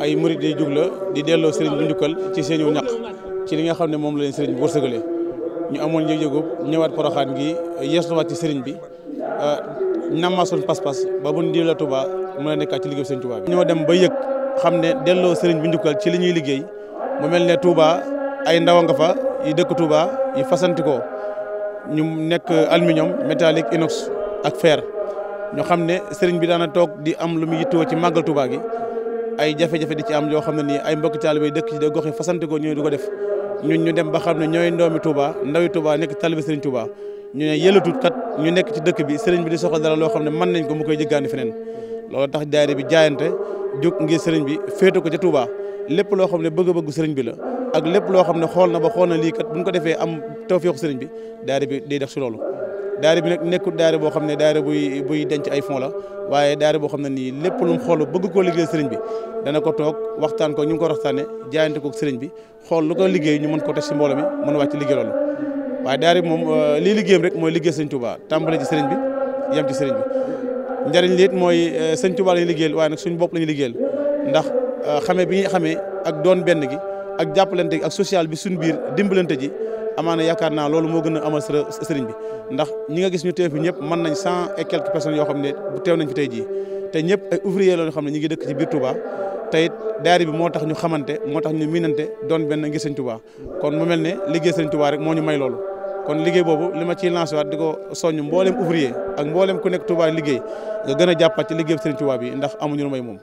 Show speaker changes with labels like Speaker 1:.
Speaker 1: ay murit yi jug la di delloo sëriñ bu njukkal ci seenu ñaq ci li nga xam ne moom la leen sëriñ bi wërsëgale ñu amoon yëg-yëgu ñëwaat poroxaan gi yeesluwaat ci sëriñ bi ah, nammaa suñ pas-pas ba bu ñu la Touba mën a ci liggéey sëriñ Touba bi ñoo dem ba yëg xam ne delloo sëriñ bi njukkal ci li ñuy liggéey mu mel ne Touba ay ndaw nga fa yi dëkk Touba yi fasantikoo ñu nekk aluminium métallique inox ak fer ñu xam ne sëriñ bi daana toog di am lu mu yittoo ci màggal Touba gi ay jafe-jafe di ci am loo xam ne nii ay mbokki taalibe dëkk ci da gox yi fasante ko ñooy du ko ñu dem ba xam ne ñooy ndoomi Touba ndawi Touba nekk taalibe Serigne Touba ñu ne yëlatut kat ñu nekk ci dëkk bi Serigne bi di soxla dara loo xam ne mën nañ ko mu koy jëggaani feneen loolu tax daayira bi jaayante jóg ngir Serigne bi féete ko ca Touba lépp loo xam ne bëgg-bëggu sëriñ bi la ak lépp loo xam ne xool na ba xool na lii kat buñ ko defee am tawfeexu sëriñ bi daayira bi day def si loolu daare bi nag nekkul daare boo xam ne daare buy buy denc ay fonds la waaye daare boo xam ne nii lépp lu mu xool bëgg koo liggéey sëriñ bi dana ko toog waxtaan ko ñu ngi ko waxtaane jaayante ko sëriñ bi xool lu ko liggéey ñu mën ko teg si mbooloo mi mën a wàcc liggéey loolu waaye daare bi moom euh, lii liggéeyam rek mooy liggéey sëriñ Touba tàmbale ci sëriñ bi yem ci sëriñ bi njëriñ li mooy euh, sëriñ Touba la ñu waaye nag suñu bopp lañu ñu ndax euh, xame bi ñuy xamee ak doon benn gi ak jàppalante ak social bi suñu biir dimbalante ji amaana yaakaar naa loolu moo gën a amal sëriñ bi ndax ñi nga gis ñu teew fi ñëpp mën nañ cent et quelques personnes yoo xam ne teew nañ fi tey jii te ñëpp ay ouvrier la ñu xam ne ñu ngi dëkk ci biir Touba te it bi moo tax ñu xamante moo tax ñu miinante doon benn ngir sëñ Touba kon mu mel ne liggéey sëñ Touba rek moo ñu may loolu kon liggéey boobu li ma ciy lancé waat di ko soññ mbooleem ouvrier ak mbooleem ku nekk tubaa liggéey nga gën a jàppaat ci liggéey sëñ bi ndax amuñu lu may moom